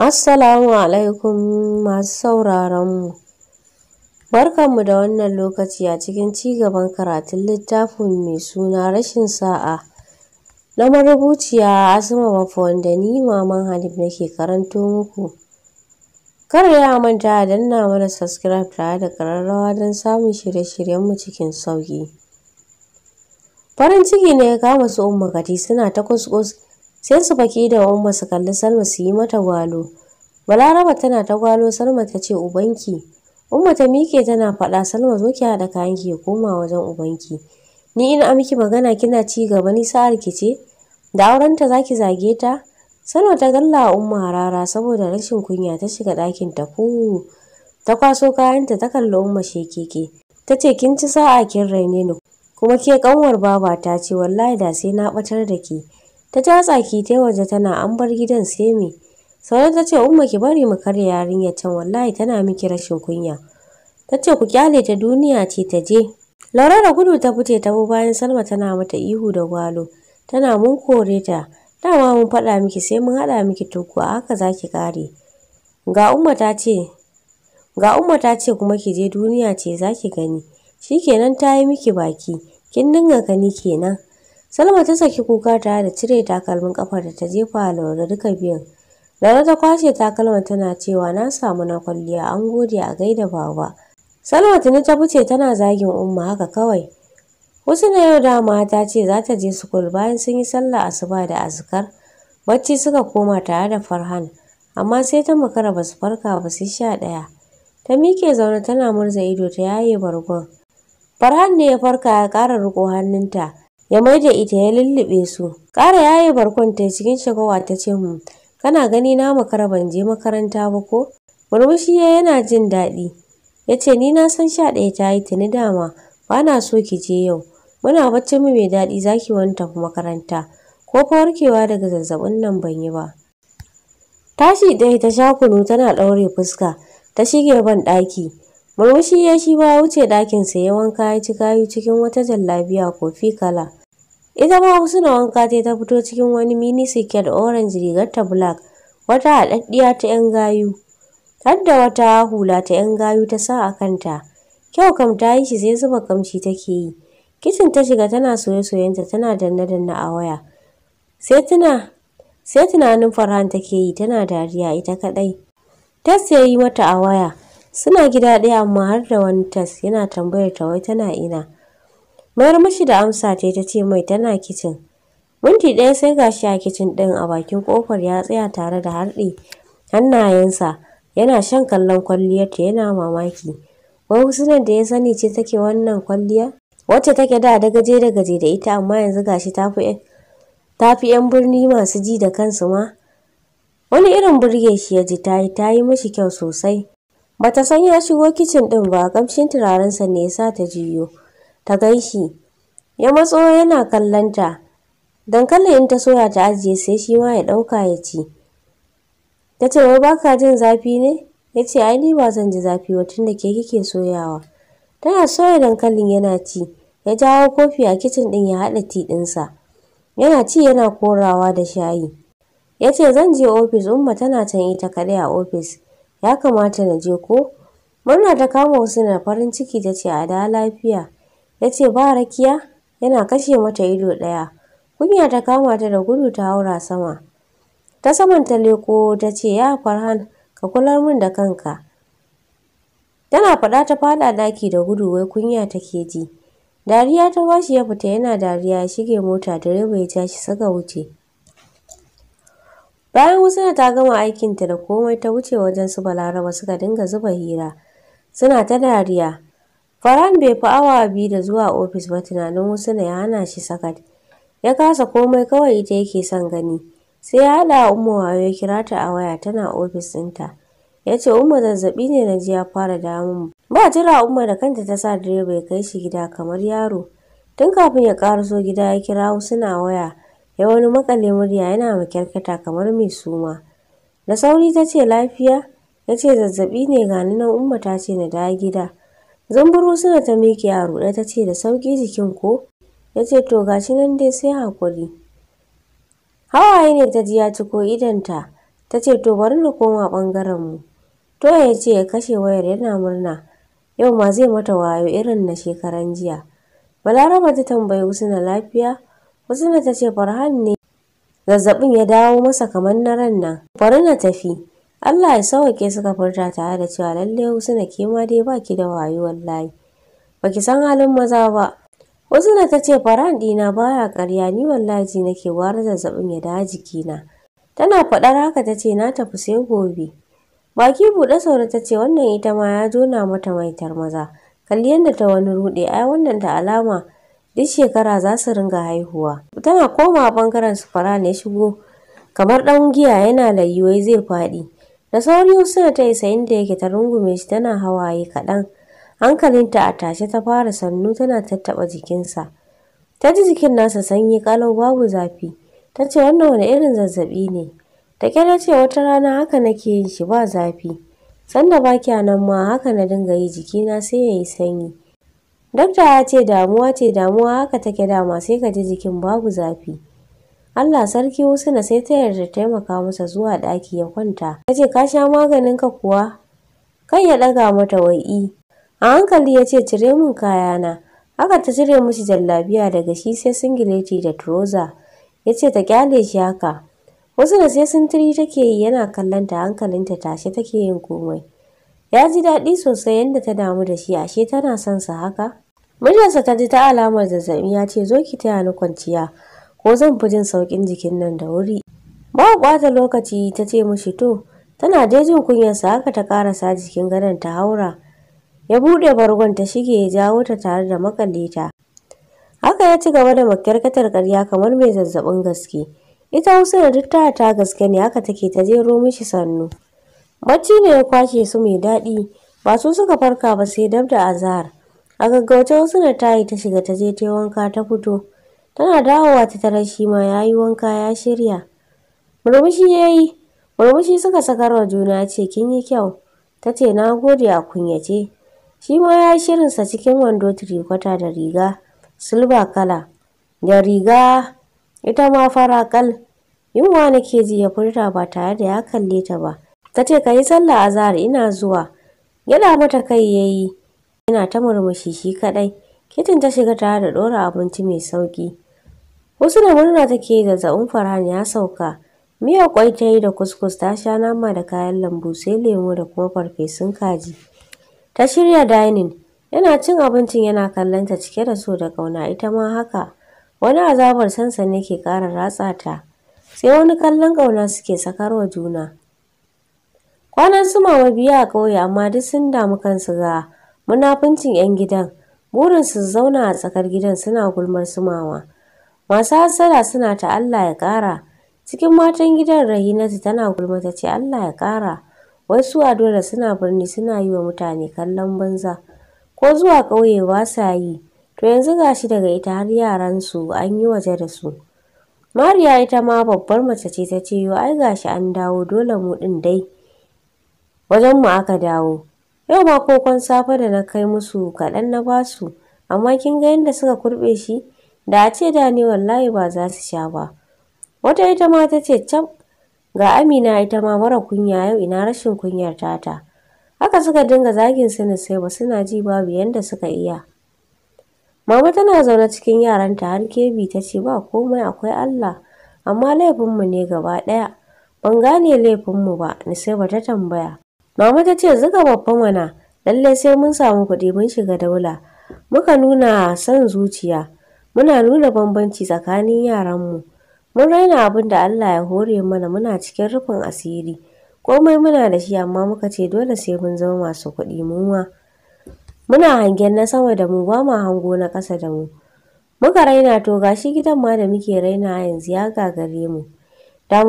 Assalamu alaikum masu sauraronmu. Barkanmu da wannan lokaci a cikin cigaban karatun littafin mai suna rashin sa'a na marubuciya Asma Bafo wanda ni Maman Hanif nake karanto muku. Kar ya manta a danna mana subscribe tare da kararrawa don samun shirye-shiryenmu cikin sauƙi. Farin ciki ne ya kama su Umma suna ta kuskus sai su baki da umma su kalli salma su yi mata gwalo balaraba tana ta gwalo salma ta ce ubanki umma ta mike tana faɗa salma zo ki haɗa kayan ki koma wajen ubanki ni ina miki magana kina ci gaba ni sa'ar ki ce da aurenta zaki zage ta salma ta galla umma harara saboda rashin kunya ta shiga ɗakin ta ku ta kwaso kayanta ta kalli umma shekeke ta ce kin ci sa'a kin raine ni kuma ke kanwar baba ta ce wallahi da sai na batar da ke ta ja tsaki ta waje tana an bar gidan sai me sai ta ce umma ki bari mu karya yarinyar can wallahi tana miki rashin kunya ta ce ku kyale ta duniya ce ta je laura da gudu ta fice ta bu bayan salma tana mata ihu da gwalo tana mun kore ta dama mun faɗa miki sai mun haɗa miki tuku a haka za ki kare ga umma ta ce ga umma ta ce kuma ki je duniya ce za ki gani shikenan ta yi miki baki kin dinga gani kenan Salma ta saki kuka tare da cire takalmin kafar da ta jefa Laure duka biyun. lara ta kwashe takalman tana cewa na samu na kwalliya an gode a gaida baba. Salma tuni ta fice tana zagin umma haka kawai. Wasu na yau dama ta ce za ta je sukul bayan sun yi sallah asuba da azkar. Bacci suka koma tare da Farhan amma sai ta makara basu farka ba sai sha ɗaya. Ta miƙe zaune tana murza ido ta yaye bargon. Farhan ne ya farka ya ƙara riƙo hannunta. ya mai da ita ya lullube su ƙara yaye barkwanta cikin shagawa ta ce mu kana gani na makara ban je makaranta ba ko murmushi ya yana jin daɗi ya ce ni na san sha ɗaya ta yi tuni dama ba na so ki je yau muna bacci mu mai daɗi za ki wani tafi makaranta ko fa warkewa daga zazzabin nan ban yi ba tashi ɗaya ta sha kunu tana ɗaure fuska ta shige ban ɗaki murmushi ya shi ba wuce ɗakinsa ya wanka ya ci kayu cikin wata jallabiya kofi kala ita ma wasu na wanka ta ta fito cikin wani mini siket orange rigar ta black wata haɗaɗɗiya ta yan gayu har da wata hula ta yan gayu ta sa a kanta kyau kam ta yi shi sai zuba kamshi take yi kicin ta shiga tana soye-soyenta tana danna-danna a waya sai tunanin farhan take yi tana dariya ita kaɗai tas ya yi mata a waya suna gida ɗaya amma har da wani tas yana tambayar ta wai tana ina mayar da amsa ce ta ce mai tana kicin minti ɗaya sai gashi a kicin ɗin a bakin ƙofar ya tsaya tare da harɗe hannayensa yana shan kallon kwalliyarta yana mamaki wai husnan da ya sani ce take wannan kwalliya wacce take da da gaje da gaje da ita amma yanzu gashi ta fi ta yan birni masu ji da kansu ma wani irin burge shi ya ji ta yi ta yi mashi kyau sosai bata san ya shigo kicin ɗin ba kamshin turarensa ne ya sa ta jiyo ta gaishi ya matso yana kallonta dankalin in ta soya ta ajiye sai shi ma ya ɗauka ya ci ta ce wai ba ka jin zafi ne ya ce ai ni ba zan ji zafi ba da ke kike soyawa tana soya dankalin yana ci ya jawo kofi a kicin ɗin ya haɗa ti ɗinsa yana ci yana korawa da shayi ya ce zan je ofis umma tana can ita kaɗai a ofis ya kamata na je ko murna ta kama wasu na farin ciki ta ce a da lafiya ya ce ba rakiya yana kashe mata ido ɗaya kunya ta kama ta da gudu ta haura sama ta saman ta leko ta ce ya farhan ka kular min da kanka tana faɗa ta faɗa ɗaki da gudu wai kunya take ji dariya ta bashi ya fita yana dariya ya shige mota direba ya tashi suka wuce bayan husna ta gama aikinta da komai ta wuce wajen su balaraba suka dinga zuba hira suna ta dariya faran bai fi awa biyu da zuwa ofis ba tunanin na ya hana shi sakat. Ya kasa komai kawai ita yake son gani. Sai ya haɗa Umma wayo ya kira ta a waya tana ofis ɗinta. Ya ce Umma zazzaɓi ne na ji ya fara damun. Ba jira Umma da kanta ta sa direba ya kai shi gida kamar yaro. Tun kafin ya so gida ya kira wasu na waya. Ya wani makale murya yana makyarkata kamar mai suma. Da sauri ta ce lafiya? Ya ce zazzaɓi ne gani nan Umma ta ce na dawo gida. Zamburu suna ta miƙe a ruɗe ta ce da sauƙi jikin ko? Ya ce to gashi nan dai sai hakuri. Hawaye ne ta ji ya ciko idanta. Ta ce to bari na koma ɓangaren mu. Toya ya ce ya kashe wayar yana murna. Yau ma zai mata wayo irin na shekaran jiya. Balaraba ta tambayi na lafiya. na ta ce Farhan ne. Zazzaɓin ya dawo masa kamar na ran nan. Bari na tafi. Allah ya sauke suka furta tare da cewa lalle wasu ke ma dai ki da wayo wallahi. Baki san halin maza ba. wasu ta ce faran dina baya ƙarya ni wallahi nake ware zazzabin ya da jikina. Tana faɗar haka ta ce na tafi sai gobe. Baki buɗe saura ta ce wannan ita ma ya jona mata maitar maza. Kalli yadda ta wani ruɗe ai wannan ta alama duk shekara za su ringa haihuwa. Tana koma bangaren su fara ne shigo kamar ɗan giya yana layuwai zai faɗi. Da sauri Husna ta isa inda yake ta rungume shi tana hawaye kaɗan. Hankalinta a tashe ta fara sannu tana tattaɓa jikinsa. Ta ji jikin nasa sanyi kalau babu zafi. Ta ce wannan wani irin zazzaɓi ne. Ta kyara ce wata rana haka nake yin shi ba zafi. Sanda ba kya nan ma haka na dinga yi jikina sai ya yi sanyi. dakta ya ce damuwa ce damuwa haka take dama sai ka ji jikin babu zafi. Allah sarki na sai ta yarda taimaka masa zuwa ɗaki ya kwanta. Ya ce ka sha maganin ka kuwa? Kai ya ɗaga mata wai'i. A hankali ya ce cire min kayana. Haka ta cire mishi jallabiya daga shi sai singileti da turoza. Ya ce ta kyale shi haka. Wasu da sai sintiri take yi yana kallon ta hankalinta tashe take yin komai. Ya ji daɗi sosai yadda ta damu da shi ashe tana son sa haka. Muryarsa ta ji ta alamar zazzabi ya ce zo ki taya ni kwanciya. ko zan fi jin sauƙin jikin nan da wuri. Ba ɓata lokaci ta ce mushi to, tana dai jin kunyarsa haka ta ƙarasa jikin gadon ta haura. Ya buɗe bargon ta shige ya jawo ta tare da makalle ta. Haka ya ci gaba da makyarkatar ƙarya kamar mai zazzaɓin gaske. Ita da duk ta ta gaske ne haka take ta jero mishi sannu. Macci ne ya kwashe su mai daɗi, ba su suka farka ba sai dab da azahar. A gaggauce Husna ta yi ta shiga ta je ta wanka ta fito. Tana dawowa ta tarar shi ma ya yi wanka ya shirya. Murmushi ya yi, murmushi suka sakar wa juna ce kin yi kyau. Ta ce na gode a kunyace. Shi ma ya yi shirinsa cikin wando tirikwata da riga, silba kala. Da riga ita ma fara kal. Yunwa nake ji ya furta ba tare da ya kalle ta ba. Ta ce ka yi sallah azahar ina zuwa. Gyaɗa mata kai ya yi, yana ta murmushi shi kaɗai. Kitchen ta shiga tare da ɗora abinci mai sauƙi. Wasu da murna take zazzabin Farhan ya sauka. Miya kwai ta yi da kuskus ta sha nama da kayan lambu sai lemo da kuma farfesun kaji. Ta shirya dining. Yana cin abincin yana kallon ta cike da so da ƙauna ita ma haka. Wani azabar sansani ke ƙara ratsa ta. Sai wani kallon ƙauna suke sakarwa juna. Kwanan su ma biya a ƙauye amma duk sun damu kansu ga munafuncin 'yan gidan. burinsu su zauna a tsakar gidan suna gulmar sumawa masu hassada suna ta allah ya ƙara cikin matan gidan rahinatu tana gulma ta ce allah ya ƙara wai su da suna birni suna yi wa mutane kallon banza ko zuwa ƙauye ba yi to yanzu gashi daga ita har yaransu an yi waje da su mariya ita ma babbar mace ce ta ce yo ai gashi an dawo dole mu ɗin dai wajen mu aka dawo Yau ba kokon safe da na kai musu kaɗan na basu, amma kin ga yadda suka kurɓe shi, da a ce da ne wallahi ba za su sha ba. Wata ita ma ta ce can ga Amina ita ma mara kunya yau ina rashin kunyar tata. Haka suka dinga zagin ne sai ba suna ji babu yadda suka iya. Mama tana zaune cikin yaranta har kebi ta ce ba komai akwai Allah, amma laifinmu ne gaba ɗaya. Ban gane laifinmu ba, ni sai ba ta tambaya. Mama ta ce zuga babban mana, lallai sai mun samu kuɗi mun shiga daula. Muka nuna son zuciya muna nuna bambanci tsakanin yaranmu. Mun raina abin da Allah ya hore mana muna cikin rufin asiri. Komai muna da shi amma muka ce dole sai mun zama masu kuɗi mu ma. Muna hangen na sama da mu ba ma hango na ƙasa da mu. Muka raina to gashi gidan ma da muke raina yanzu ya gagare mu. Da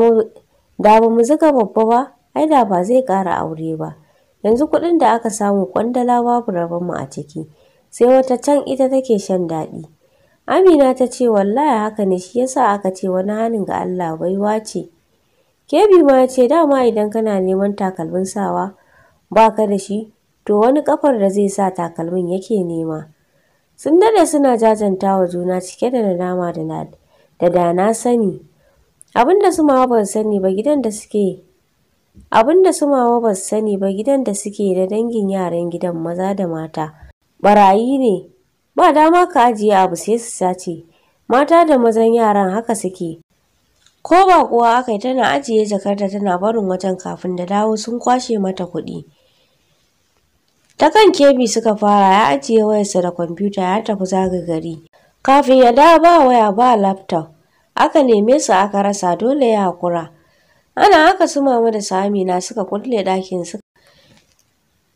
ba mu zuga babba ba ai da ba zai ƙara aure ba yanzu kuɗin da aka samu kwandala babu rabon mu a ciki sai wata can ita take shan daɗi amina ta ce wallahi haka ne shi yasa aka ce wani hanin ga allah baiwa ce kebi ma ya ce dama idan kana neman takalmin sawa ba ka da shi to wani ƙafar da zai sa takalmin yake nema sun dade suna jajanta wa juna cike da nadama da da na sani abinda su ma ban sani ba gidan da suke Abin da su mama ba su sani ba gidan da suke da dangin yaran gidan maza da mata. Barayi ne, ba dama ka ajiye abu sai su sace. Mata da mazan yaran haka suke. Ko ba kuwa aka yi tana ajiye jakarta tana barin wajen kafin da dawo sun kwashe mata kuɗi. Ta kan kebi suka fara ya ajiye wayarsa da kwamfuta ya tafi zaga gari. Kafin ya dawo ba waya ba laptop. Aka neme su aka rasa dole ya haƙura. ana haka su mama da samina suka kulle ɗakin suka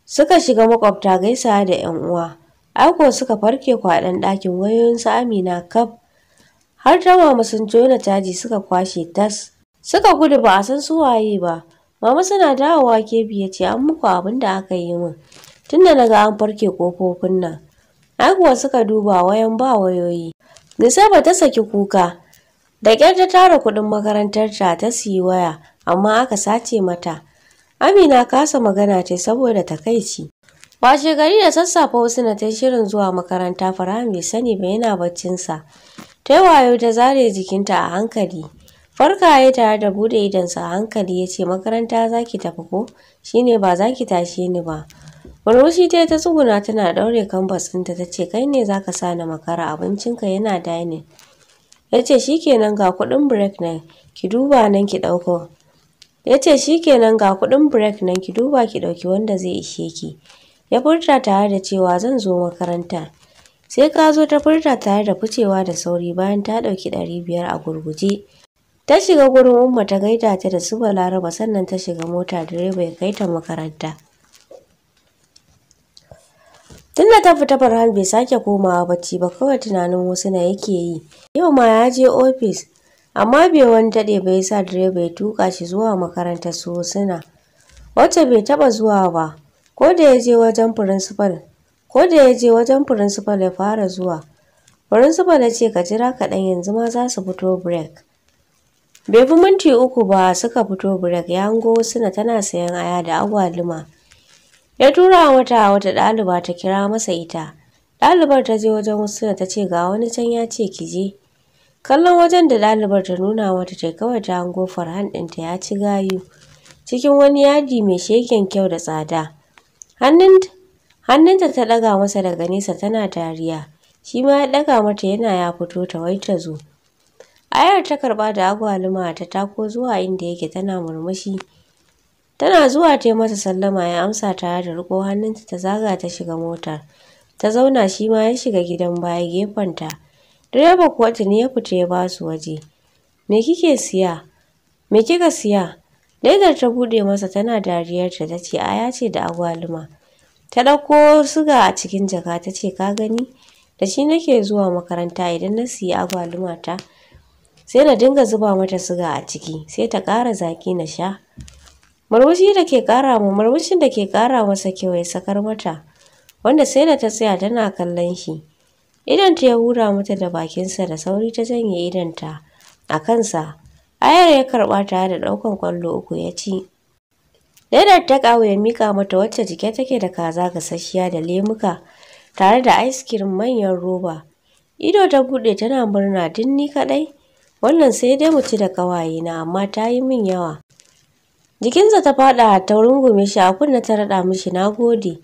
suka shiga makwabta gaisa da yan uwa aiko suka farke kwaɗan ɗakin wayoyin su amina kaf har ta mama sun jona caji suka kwashe tas suka gudu ba a san su waye ba mama suna dawowa kebi biye ce an muku abin da aka yi min tunda na ga an farke kofofin nan Aiko suka duba wayan ba wayoyi ba ta saki kuka Da ƙyar ta tara kuɗin makarantar ta ta siyi waya, amma aka sace mata. Amina kasa magana ce saboda takaici. Washe gari da sassafe na ta shirin zuwa makaranta faramai sani ba yana baccinsa. Ta yi wayo ta zare jikinta a hankali. Farka ya tare da bude idonsa a hankali yace, makaranta za ki tafi ko shine ba za ki tashe ni ba. Murmushi ta ta tsuguna tana ɗaure kambas ɗinta ta ce kai ne za ka sa na makara abincinka yana dining. ya ce shi kenan ga kuɗin break nan ki duba nan ki dauko ya ce shi ga kudin break nan ki duba ki ɗauki wanda zai ishe ki ya furta tare da cewa zan zo makaranta sai ka zo ta furta tare da ficewa da sauri bayan ta ɗauki ɗari biyar a gurguje ta shiga gurin umma ta gaida ta da su balaraba sannan ta shiga mota direba ya kai ta makaranta Tun da ta fita Farhan bai sake komawa bacci ba kawai tunanin wasu na yake yi. Yau ma ya je ofis amma bai wani daɗe bai sa direba ya tuka shi zuwa makaranta su suna. Wacce bai taɓa zuwa ba ko da ya je wajen firinsifal ko da ya je wajen firinsifal ya fara zuwa. Firinsifal ya ce ka jira kaɗan yanzu ma za su fito break. Bai fi minti uku ba suka fito break ya hango Husna tana sayan aya da agwaluma. ya tura mata wata ɗaliba ta kira masa ita ɗalibar ta je wajen da ta ce ga wani can ya ce ki je kallon wajen da ɗalibar ta nuna mata ta kawai ta hango farhan ɗinta ya ci gayu cikin wani yadi mai sheken kyau da tsada hannunta ta ɗaga masa daga nesa tana dariya shi ma ya ɗaga mata yana ya fito ta wai ta zo ayar ta karɓa da agwaluma ta tako zuwa inda yake tana murmushi Tana zuwa ta masa sallama ya amsa tare da riko hannunta ta zaga ta shiga motar. Ta zauna shi ma ya shiga gidan baya gefenta. Direba kuwa tuni ya fita ya ba su waje. Me kike siya? Me kika siya? Ledar ta bude masa tana dariyarta ta ce aya ce da agwaluma. Ta ɗauko suga a cikin jaka ta ce ka gani? Da shi nake zuwa makaranta idan na siya agwaluma ta. Sai na dinga zuba mata suga a ciki sai ta ƙara zaki na sha. murmushi da ke ƙara mu murmushin da ke ƙara masa kewaye sakar mata wanda sai da ta tsaya tana kallon shi idanta ya hura mata da bakinsa da sauri ta janye idanta a kansa ayar ya karɓa ta da ɗaukan kwallo uku ya ci ledar ta ƙawo ya mika mata wacce jike take da kaza gasasshiya da lemuka tare da ice cream manyan roba ido ta buɗe tana murna din ni kaɗai wannan sai dai mu ci da ƙawayena amma ta yi min yawa jikinsa ta faɗa ta rungume shi a kunna ta raɗa mishi na gode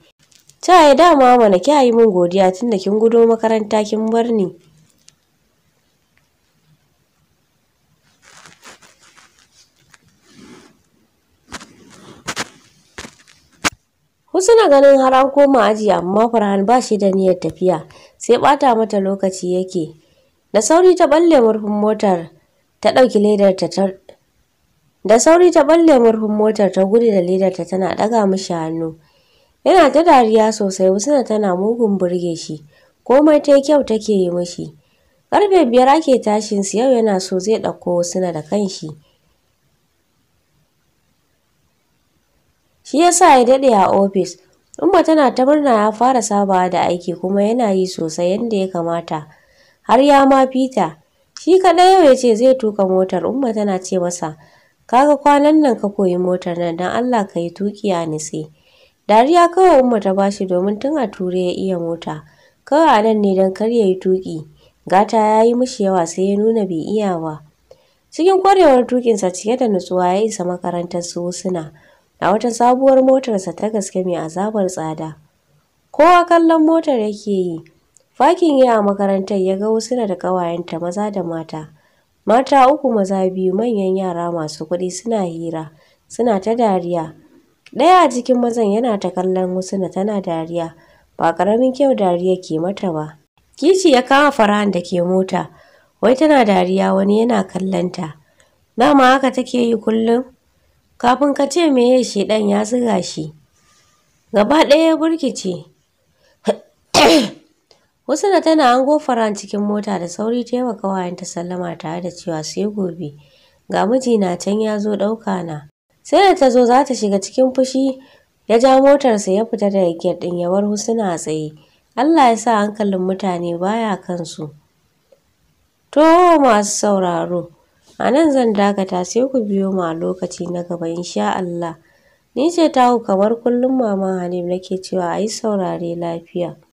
ta yi dama mana kya yi min godiya tun da kin gudo makaranta kin bar ni Husna ganin har an koma aji amma Farhan ba shi da niyyar tafiya sai bata mata lokaci yake. Da sauri ta balle murfin motar ta ɗauki ledar ta da sauri ta balle murfin motar ta gudu da ledarta tana ɗaga mishi hannu yana ta dariya sosai wasu na tana mugun burge shi komai ta kyau take yi mishi karfe biyar ake tashin su yau yana so zai ɗauko na da kanshi shi yasa ya dade a ofis umma tana ta murna ya fara sabawa da aiki kuma yana yi sosai yadda ya kamata har ya ma fita shi kaɗai yau ya ce zai tuka motar umma tana ce masa kaga kwanan nan ka koyi motar nan dan Allah ka yi tuki a nitse dariya kawai umma ta bashi domin tun a ture ya iya mota kawai a nan ne dan kar ya yi tuki gata ya yi mishi yawa sai ya nuna bai iya ba cikin kwarewar tukinsa cike da nutsuwa ya isa makarantar su husuna a wata sabuwar motarsa ta gaske mai azabar tsada kowa kallon motar yake yi fakin ya a makarantar ya ga husuna da ƙawayenta maza da mata Mata uku maza biyu manyan yara masu kuɗi suna hira, suna ta dariya. Ɗaya a cikin mazan yana ta kallon Husna tana dariya, ba ƙaramin kyau dariya ke mata ba. Kici ya kama Farhan da ke mota, wai tana dariya wani yana kallon ta. Dama haka take yi kullum. Kafin ka ce me ya shi ɗan ya ziga shi. Gaba ɗaya ya burkice. Husna tana hango Faran cikin mota da sauri ta yi wa ta sallama tare da cewa sai gobe. Ga mijina can ya zo ɗauka na. Sai da ta zo za ta shiga cikin fushi ya ja motarsa ya fita daga gate ɗin ya bar Husna a tsaye. Allah ya sa hankalin mutane baya kansu. To masu sauraro, a nan zan dakata sai ku biyo mu a lokaci na gaba insha Allah. Ni ce ku kamar kullum mama Halim nake cewa a yi saurare lafiya.